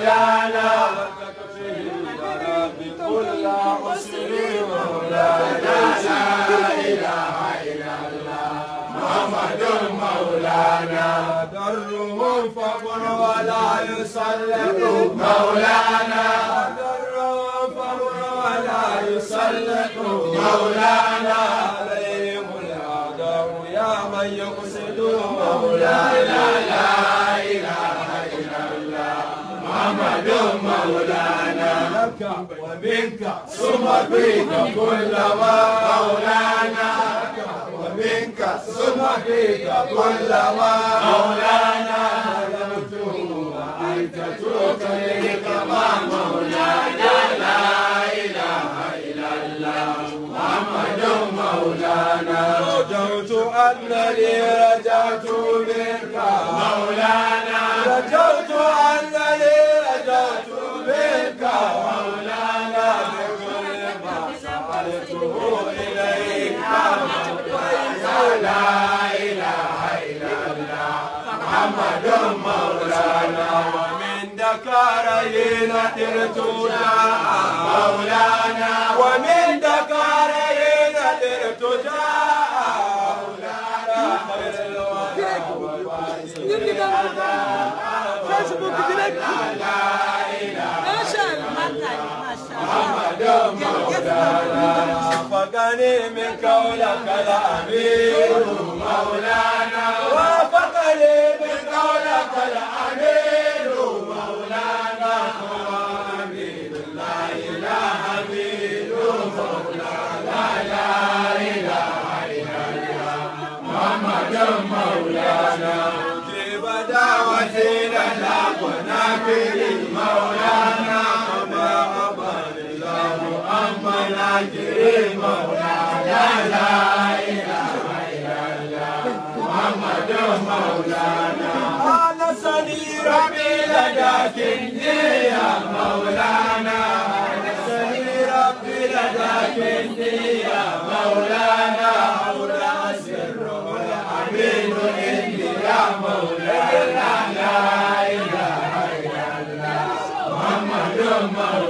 مولانا بكل عسر مولانا لا إله إلا الله محمد مولانا دره فقر ولا يسلط مولانا دره فقر ولا يسلط مولانا عليهم العدو يا من يقصد مولانا لا إله الا الله محمد مولانا ومنك ثم بك كل ما مولانا ومنك ثم بك كل ما مولانا ظلمت وأنت تكرهني كما مولانا لا إله إلا الله محمد مولانا رجوت أنني رجعت منك مولانا رجوت أنني مولانا محمد مولانا ومن دكارينا ترتونا مولانا ومن دكارينا قولك الأمير مولانا مولانا أمين لا إله أمين مولانا لا إله إلا الله محمد مولانا جيب دعوتي مولانا الله أما نجري مولانا ربي لداك يا مولانا نسألي ربي لداك يا مولانا مولا سر الأمين إني يا مولانا لا إله إلا الله محمد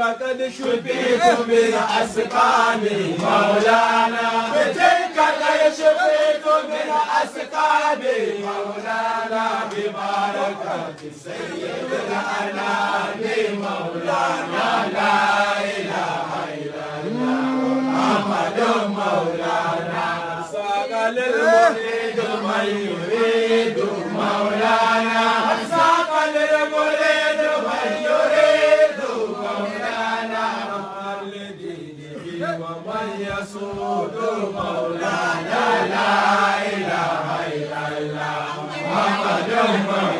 قد شفيت من أسقامي مولانا بتلك قد مولانا Maulana, la ilaha illallah, Muhammadun Rasulullah.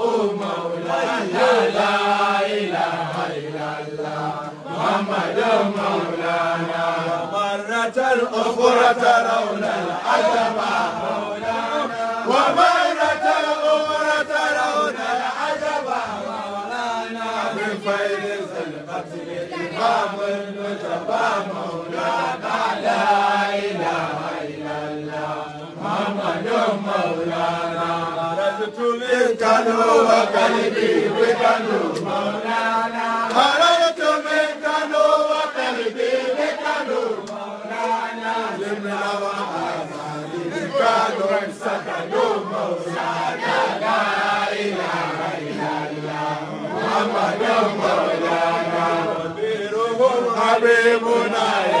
مولاي لا إله إلا الله محمد مولانا مرة أخرى ترون العجب مولانا وما Kano, You Wekano, Maulana. Haraya Tome, Kano, Wakalibi, Wekano, Maulana. Limlawa, Azali, Kano, Sakano, Maulana. La ilaha illallah, Muhammadun Maulana. Habibuna,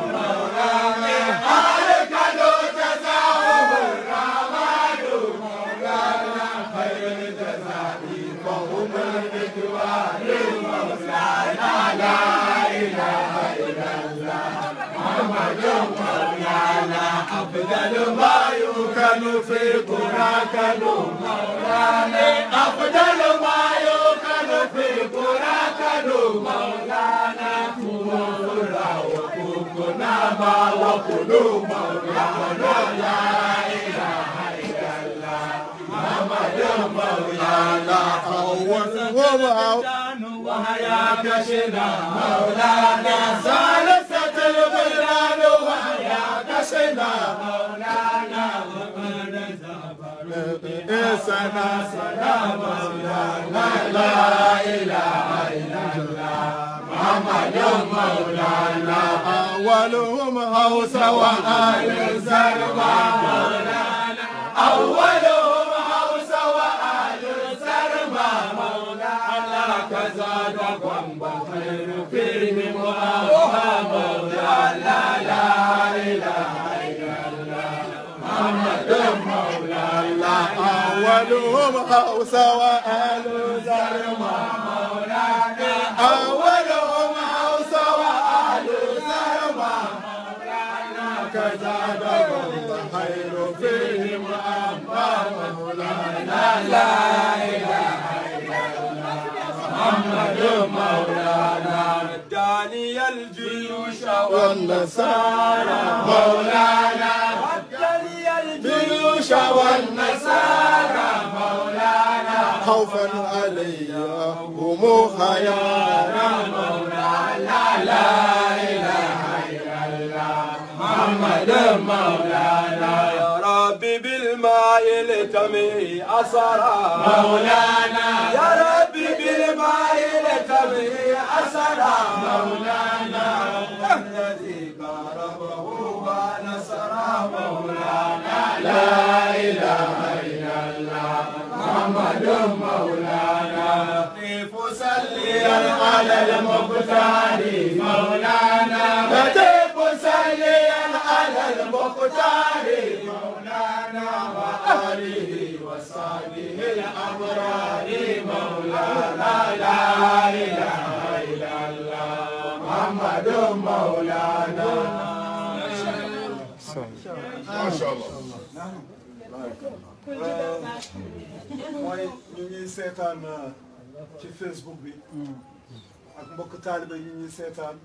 kanu fil Quran maulana. maulane afdal ma yo kanu fil Quran kanu maulana kumura wa kukuna ma maulana kulu maulana la ilaha illallah Muhammadun maulana awwal wa awwal maulana. شنا مولانا ثالثة البلدان وهياك شنا مولانا سنا سلام الله لا إله إلا الله محمد مولانا أولهم مولانا أولهم القوس وأهل زرمى مولانا أولهم أوس وأهل زرمى مولانا كذاب الخير فيهم أما مولانا لا إله إلا الله محمد مولانا الداني الجيوش والنصارى مولانا والنصارى خوفا عليا هم يا مولانا لا لا إله إلا الله محمد مولانا يا ربي بالماء لتمي أسرى مولانا يا ربي بالماء لتمي أسرى مولانا الذي ضربه ونصره مولانا لا إله محمد مولانا قف سليا على المختار مولانا قف سليا على المختار مولانا وآله وصحبه الأبرار مولانا لا إله إلا الله محمد مولانا ما شاء الله ما شاء الله mooy ñu ñuy seetaan uh, ci Facebook bi ak mbokk taaliba ñu ñuy seetaan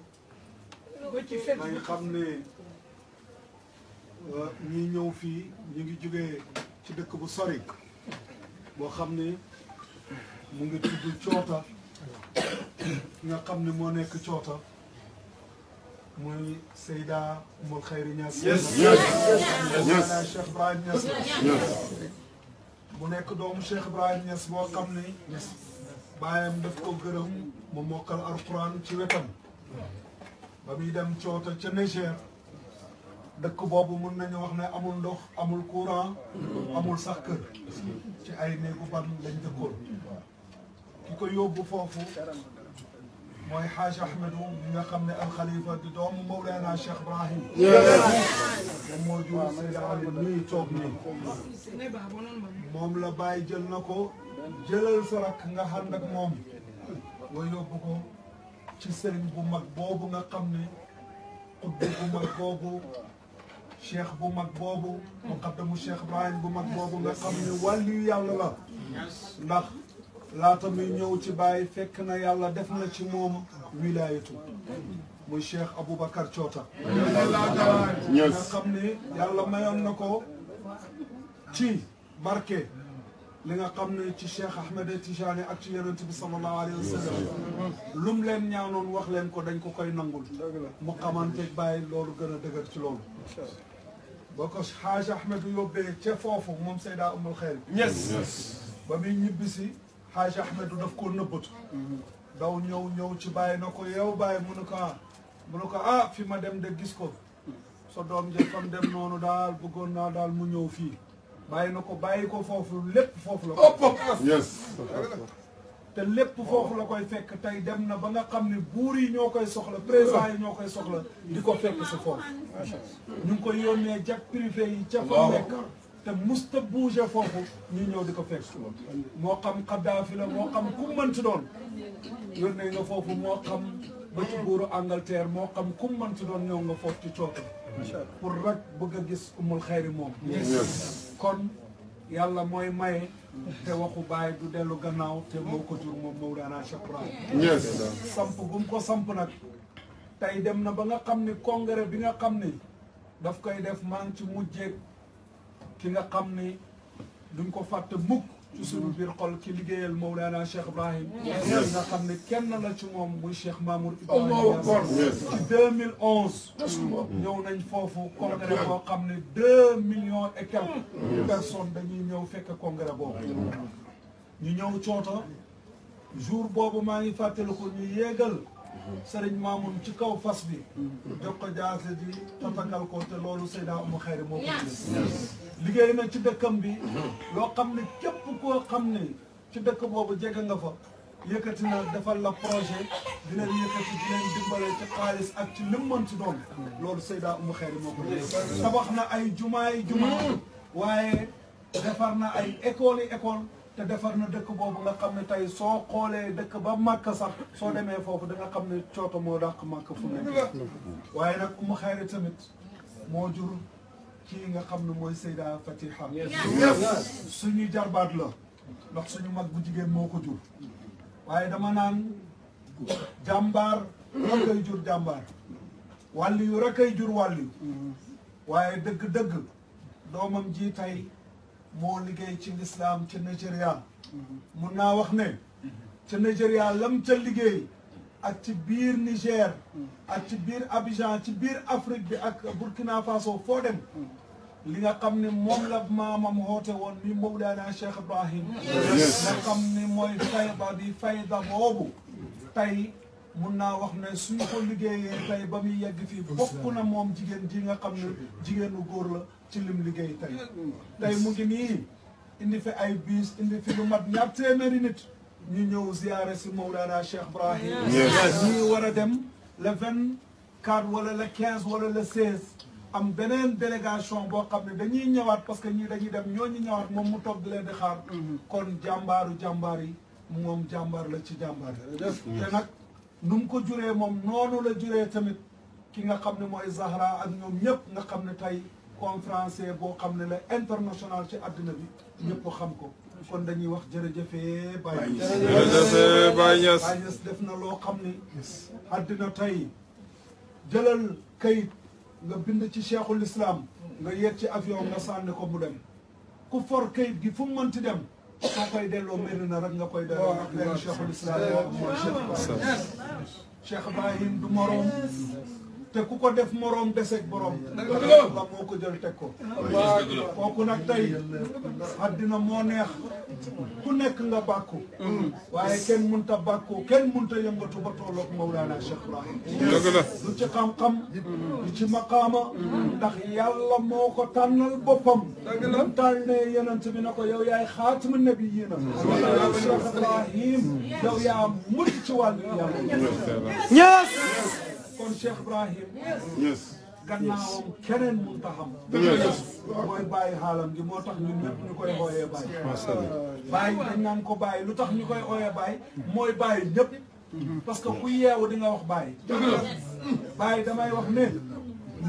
nañ xam ne uh, ñi ñëw fii ñu ngi jógee ci dëkk bu sori boo xam ne mu ngi tudd coota nga xam ne moo nekk coota muy Seyda Oumul Khayri Niass. Niass Niass Cheikh Ibrahim Niass mu nekk doomu Cheikh Ibrahim Niass boo xam ne. bàyyam daf ko gërëm mu mokkal alquran ci wetam. ba muy dem cooto ca Niger. dëkk boobu mën nañu wax ne amul ndox amul courant. amul sax kër. ci ay néegu ban lañ dëkkoon. ki ko yóbbu foofu. mooy xaaj Ahmadu mi nga xam ne alxalifa di doomu Mawlana Cheikh Ibrahim moom moo jur Seydi Ali mii toog nii moom la bàyyi jël na ko jëlal sa rakk nga xam nag moom nga yóbbu ko ci sëriñ bu mag boobu nga xam ne xutbu bu mag boobu cheikh bu mag boobu muqaddamu Cheikh Ibrahim bu mag boobu nga xam ne wàllu yàlla la ndax لا تمي نيو تي باي فكنا يالا دفنا تي موم ولايته موي شيخ ابو بكر تشوتا نيو يالا مايون نكو تي بركه ليغا خامني تي شيخ احمد التجاني اك تي يونت بي صلى الله عليه وسلم لوم لين نيانون واخ لين كو دنج كو كاي نانغول مو خامانتك باي لولو غنا دغر تي لولو بوكو حاج احمد يوبي تي فوفو موم سيدا ام الخير يس بامي نيبسي Haji Ahmed daf koo nëbbatu daw ñëw ñëw ci bàyyi na ko yow bàyyi mu ne ko ah ko ah fi ma dem de gis ko sa doom ja fam dem noonu daal bëggoon naa daal mu ñëw fii bàyyi na ko bàyyi ko foofu lépp foofu la ko yes te lépp foofu la koy fekk tey dem na ba nga xam ne buur yi ñoo koy soxla président yi ñoo koy soxla di ko fekk si foofu ñu ngi koy yónnee jag privé yi ca fa nekk te musta bouger fofu ñu ñëw diko ko fekk suba mo xam Kadhafi la mo xam ku ci doon yór nañ nga fofu mo xam ba ci buru Angleterre mo xam ku ci doon ñëw nga fofu ci cooto pour rek bëgg gis umul mom kon yalla moy maye te waxu bàyyi du delu gannaaw te moko jur mom Mawlana Cheikh samp gum ko samp nak tay dem na ba nga xamni congrès bi nga xamni daf koy def man ci mujjé ki nga xam ni duñ ko fàtte mukk ci suñu biir xol ki liggéeyal Mawlana Cheikh Ibrahim ki nga xam ne kenn la ci moom muy Cheikh Mamour Ibrahima ci 2011 ñëw nañ foofu congrès boo xam ne deux millions et quelques personnes dañuy ñëw fekk congrès boobu ñu ñëw cooto jour boobu maa ngi fàttaliku ñu yéegal sëriñ Mamoun ci kaw fas bi jox ko jaase ji tatagal ko te loolu Seyda Oumou Khayri moo ko liggéey na ci dëkkam bi loo xam ne képp ko xam ne ci dëkk boobu jege nga fa yëkkati na defal la projet dina leen yëkkati di leen ci xaalis ak ci lim mën ci doon loolu Seyda Umu Xayri moo ko tabax na ay jumaa jumaay juma waaye defar na ay école école te defar na dëkk boobu nga xam ne tey soo xoolee dëkk ba màkk sax soo demee foofu da xam ne cooto moo dàq màkk fu nekk waaye nag Umu Xayri tamit moo jur kii nga xam ne mooy Seyda Fatiha ñëpp suñu jarbaat la ndax suñu mag bu jigéen moo ko jur waaye dama naan jàmbaar rek jur jàmbaar wàlli yu jur wàlli waaye dëgg-dëgg doomam ji tay moo liggéey ci lislaam ci Nigeria mm-hmm. mun naa wax ne ci Nigeria lam ca liggéey ak ci biir Niger ak ci biir Abidjan ci biir Afrique bi ak Burkina Faso foo dem li nga xam ne moom la maamam hoote woon mi Mawlaana Cheikh Ibrahim nga xam ne mooy fayda bi fayda boobu tey mun naa wax ne suñ ko liggéeyee tey ba muy yegg fii bokk na moom jigéen ji nga xam ne jigéenu góor la ci lim liggéey tey tey mu ngi nii indi fi ay biis indi fi lu mat ñaar téeméeri nit ñu ñëw ziare si Mawlana Cheikh Ibrahim ñii war a dem le vingt quatre wala le quinze wala le seize am beneen délégation boo xam ne dañuy ñëwaat parce que ñii dañuy dem ñooñu ñëwaat moom mu toog di leen di xaar kon jàmbaaru jàmbaar yi moom jàmbaar la ci jàmbaar te nag nu mu ko juree moom noonu la juree tamit ki nga xam ne mooy Zahra ak ñoom ñëpp nga xam ne tey conférencier boo xam ne la international ci àddina bi ñëpp xam ko kon dañuy wax jërëjëfee Baye Niass jërëjëfee Baye Niass Baye Niass def na loo xam ni àddina tey jëlal kayit nga bind ci cheikhul islam nga yegg ci avion nga sànni ko mu dem ku for kayit gi fu mu mënti dem soo koy delloo mel na rek nga koy delloo ndax leen cheikhul islam mooy cheikh Ibrahim du moroom te ku ko def moroom deseeg borom. la moo ko jël teg ko. kooku nag tey àddina moo neex ku nekk nga bàkku. Mm. waaye kenn mënta bàkku kenn mënta yëngatu ba tolloog Mawlana Cheikh Ibrahim. du ci xam-xam. Mm. du ci maqaama. Mm. ndax a moo ko tànnal boppam. a la tànnee yonent a na ko yow yaay xaatimu nabiyiina. Cheikh Ibrahim yow yaa mujj ci wàllu yàlla. kon Cheikh Ibrahim. yes gannaawam keneen mënut a xam. mooy bàyyi xaalam gi moo tax ñun ñëpp ñu koy ooyee bàyyi. lu tax ñu koy ooyee bàyyi. mooy bàyyi ñëpp. Mm-hmm. parce que ku yeewu di nga wax bàyyi. bàyyi damay wax ne.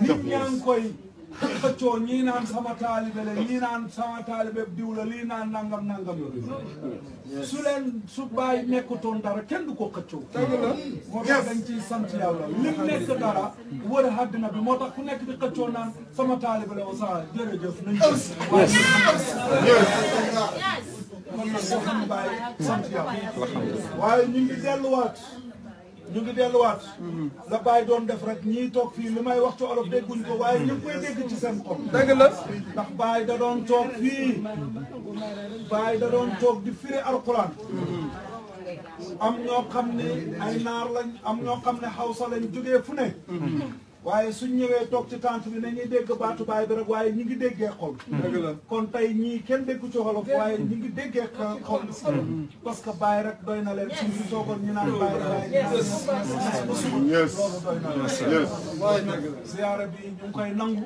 nit ñaa koy. kacoo ñii naan sama taalibe la ñii naan sama taalibe diw la lii naan nangam nangam la su leen su bàyyi nekkutoon dara kenn du ko xëccoo moo tax dañ ciy sant yàlla lim nekk dara wër àddina bi moo tax ku nekk di xëccoo naan sama taalibe la wasa jërëjëf nañ kon nag boo xam ne bàyyi sant yàlla waaye ñu ngi delluwaat ñu ngi delluwaat. la baay doon def rek ñii toog fii li may wax ci olof dégguñ ko waaye ñu ngi koy dégg ci seen xol. dëgg la ndax bàyyi da doon toog fii bàyyi da doon toog di firi alquran. am ñoo xam ne ay naar lañ am ñoo xam ne xawsa lañu jógee fu ne. waaye suñ ñëwee toog ci tànt bi nañuy dégg baatu baay bi rek waaye ñu ngi déggee xol kon tey ñii kenn déggu ci xolof waaye ñu ngi déggee xol si parce que baay rek doy na leen suñu soogoon ñu naan baay baay loolu doy na bi ñu ngi koy nangu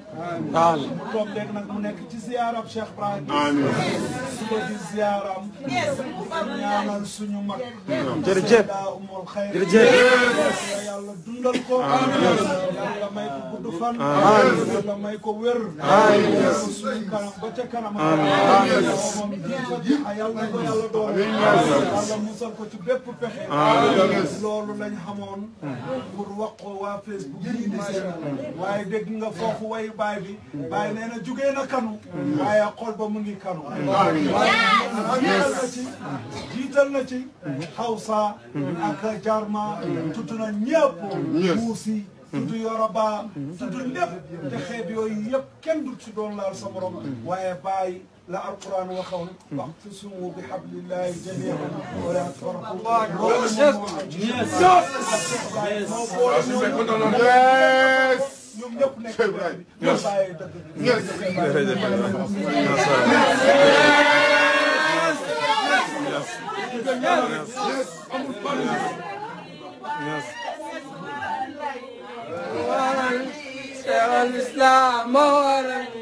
mu toog mu nekk ci ziyaarab Cheikh Ibrahim suba di ziyaaram ñaanal suñu mag jërëjëf daa umul xayr jërëjëf yàlla dundal ko may ko gudd fan yàlla may ko wér suñu kanam ba ca kanam moom difa ji a yàlla na ko yàlla doon yàlla musal ko ci bépp pexe loolu lañ xamoon pour wax ko wa Facebook yi di seen waaye dégg nga foofu way baay bi baay nee na jugee na kanu waaye xol ba mu ngi kanu jiital na ci jiital na ci Hausa ak Jarma tudd na ñëpp buusi tudd yoro baa tudd lépp te xeet yooyu yëpp kenn dul ci doon laal sa borom waaye bàyyi la alquran waxoon wa'tasimu bi hablillahi jamii'an wa laa tafarraqu loolu moom moo ak ñoom ñëpp nekk ñoom bàyyi dëgg Yes. Yes. Yes. Yes. Yes. ورمي شيخ الإسلام ورمي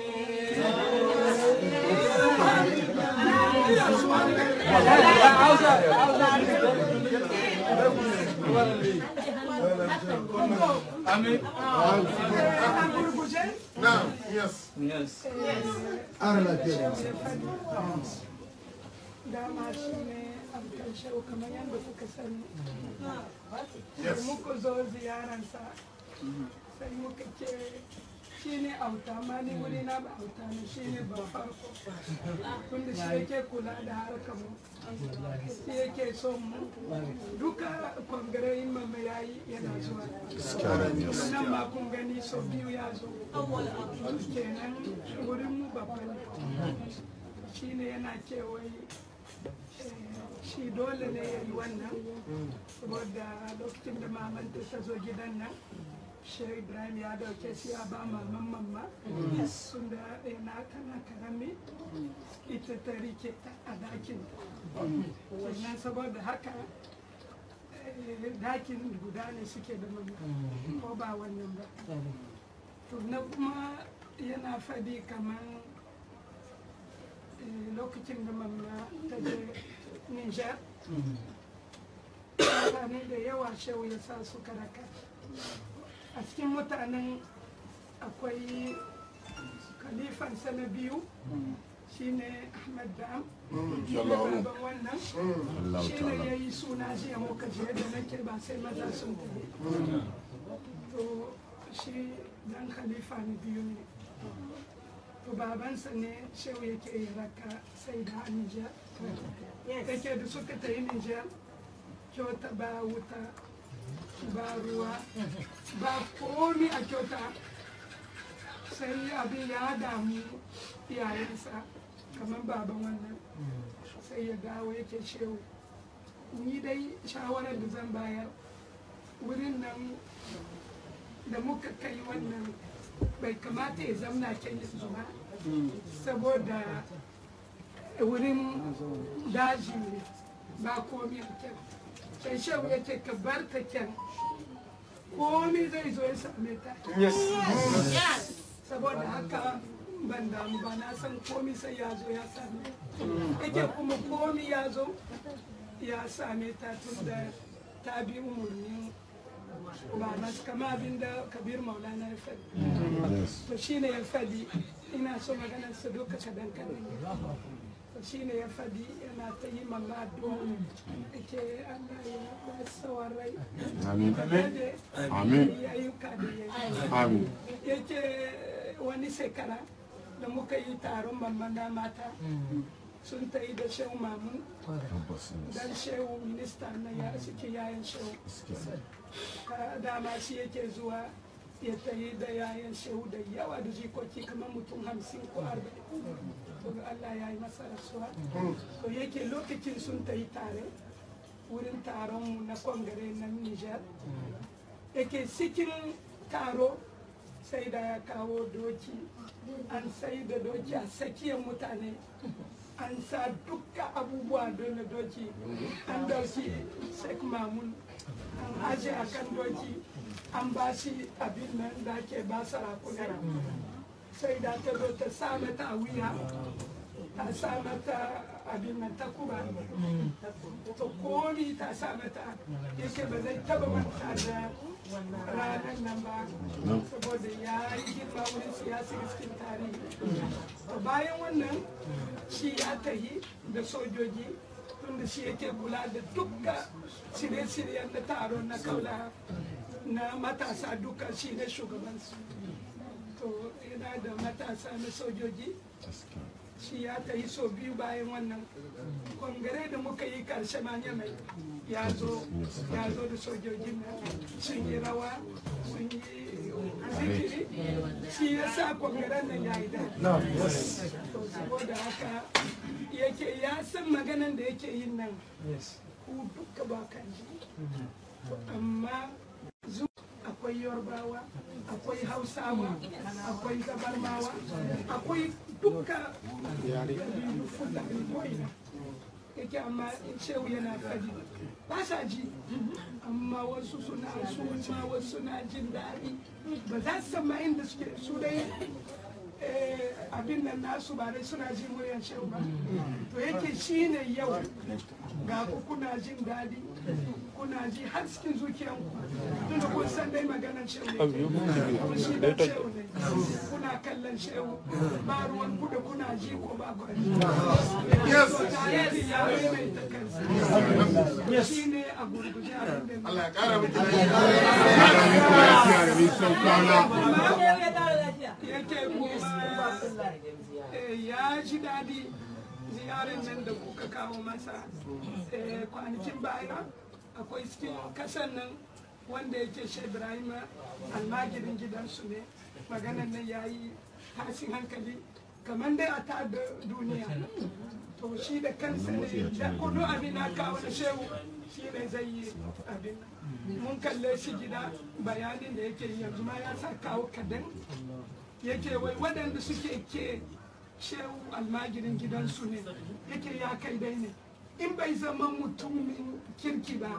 Now, yes. Yes. Yes. Yes. Yes. sai muka ce shi ne auta ma ni wuri na ba auta ne shi ne ba farko shi yake kula da harkar mu shi yake son mu duka kwangare ma mai yayi yana zuwa nan ma kun gani sau biyu ya zo kenan wurin mu babban shi ne yana kewaye shi dole ne ya yi wannan wadda lokacin da mamanta ta zo gidan nan shehu ibrahim ya dauke shi ya ba maman mamma sun da na tana karami ita ta rike ta a dakin sannan saboda haka dakin eh, guda ne suke da mamma ko ba wannan ba to na kuma yana faɗi kamar eh, lokacin da mamma ta je nijar mutane da yawa shehu ya sa suka raka a cikin mutanen akwai kalifan sana biyu shine dam baban wannan shine ya yi suna da nake ba to shi dan khalifa na biyu to raka sai da nijar yake da ba ruwa ba komi a kyauta sai abin ya damu iyayensa kamar baban wannan sai ya dawo yake cewa ni dai shawarar da zan bayar wurin nan da muka kai wannan bai kamata ya zamna can yanzu ba saboda wurin daji ne ba komi a kyau sai shehu ya ce ka bar ta kyan komi zai zo ya same ta saboda haka ban damu ba na san komi sai ya zo ya same yake kuma komi ya zo ya same ta tun da ta bi umarnin ba kama abin da kabir maulana ya faɗi to shine ya faɗi ina so magana su duka kadan kadan shine ya faɗi yana ta yi mama addu'a ake Allah ya ba sauran rai amin amin ayyuka da ya amin yake wani shekara da muka yi taron mama na mata sun ta yi da shehu mamu dan shehu minista na ya suke yayan shehu dama shi zuwa ya tayi da yayan shehu da yawa da jikoki kamar mutum hamsin ko arba'in to ga Allah ya yi masa rasuwa to yake lokacin sun tayi tare wurin taron mu na kwangare na Nijar yake cikin taro sai da ya kawo doki an sai da doki a tsakiyar mutane an sa dukkan abubuwa don doki an dauki Sheikh Mamun aje a kan doki an ba shi abin nan da ke ba sarakuna sai da ta zo ta sa ta wuya ta sa mata abin nan ta kuma ta kori ta sa ta yake ba zai taba manta da ranar nan ba saboda ya yi girma wurin siyasa cikin tarihi bayan wannan shi ya tahi da sojoji wanda shi yake kula da duka shirye-shiryen da taron na kaula na matasa duka shi ne shugabansu to yana da matasa na sojoji shi ya ta yi so biyu bayan wannan kongare da muka yi karshe manya mai ya zo da sojojin nan sun yi rawa sun yi zikiri shi ya sa kwangaren nan ya yi da saboda haka yake ya san maganan da yake yin nan ku duka ba kan mhm. amma akwai yorbawa akwai hausawa akwai gabarmawa akwai duka ko'ina yake amma in ce yana faɗi ba sa ji amma wasu suna suma wasu suna jin daɗi ba za su san ma inda suke su dai eh, abin nan nasu ba dai suna jin muryan shehu ba to yake shine yau ga kuna jin daɗi kuna ji har cikin zuciyanku tunda kun san dai maganar shehu ne kuna kallon shehu ba ruwan ku da kuna ji ko ba ku yes shi ne a gurguje abin da Allah ya kara miki lafiya eh, ya ji dadi ziyarar nan da kuka kawo masa eh, kwanakin baya akwai cikin kasan nan wanda yake shi ibrahim almagirin gidansu ne maganan nan ya yi tashin hankali kamar dai a ta duniya to shi da kansa ne da kudu abin haka wani shehu shi ne zai yi abin mun kalle shi gida bayanin da yake yanzu ma ya sa kawo kadan yake wai waɗanda suke ke shehu almagirin gidansu ne yake ya kai dai ne in bai zama mutumin kirki ba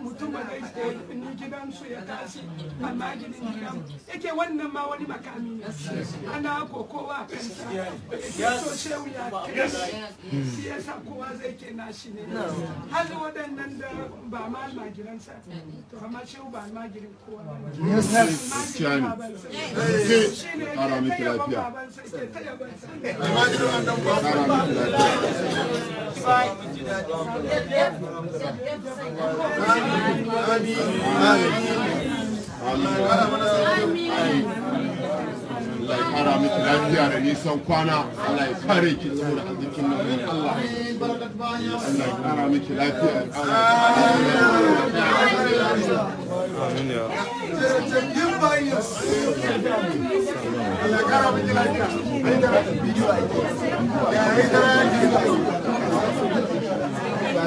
mutum ba zai ni gidansu ya tashi amma gidan gidan yake wannan ma wani makami ne ana kokowa kansa ya so shehu ya kai shi kowa zai ke nashi ne hali waɗannan da ba ma almajiransa to amma shehu ba almajirin kowa ba shi ne ya kai ke ta Allah ya fara miki lafiya da nisan kwana Allah ya kare ki saboda arzikin nan Allah Allah ya fara miki lafiya Amin ya Allah ya kara miki lafiya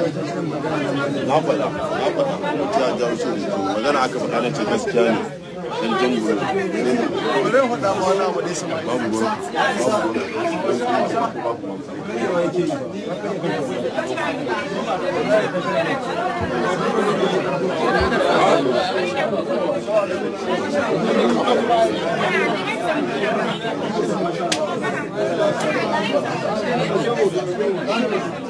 na faɗa na faɗa kuma ta ja wuce ne magana aka faɗa na ce gaskiya ne dan jan ne bare faɗa ma wani abu ne sama babu babu gura babu gura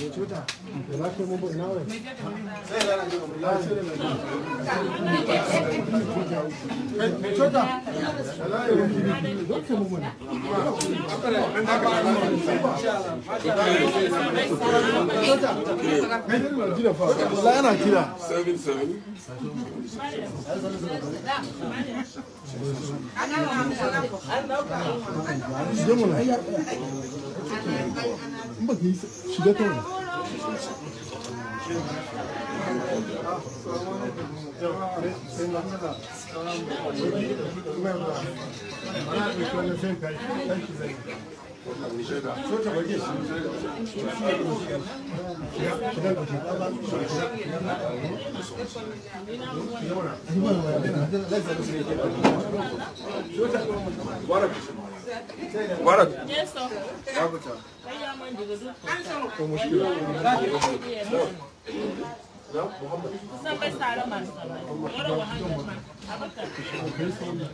Ana Bak neyse şiddet olmaz. Şurada. Mubarak.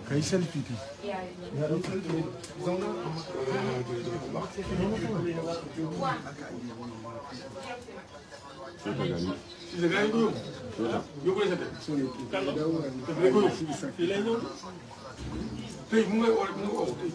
Ka yi selfie ta. Tey mu ngi wala mu ngi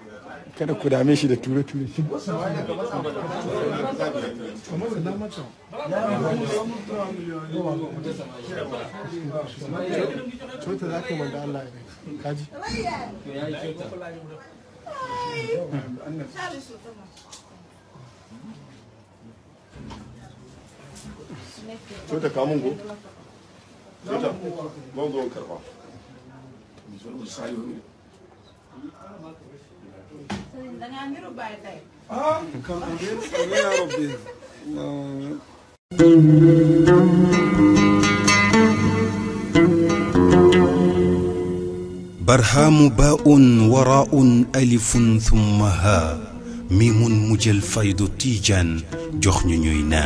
kada ku dame shi da ture-ture shi Cota mun go? Cota, ban zo karfa. Musulun sayo ne. dangaa niru bàyyi tey. ah alifun thumma haa miimun mujjal faydu tiijaan jox ñu ñuy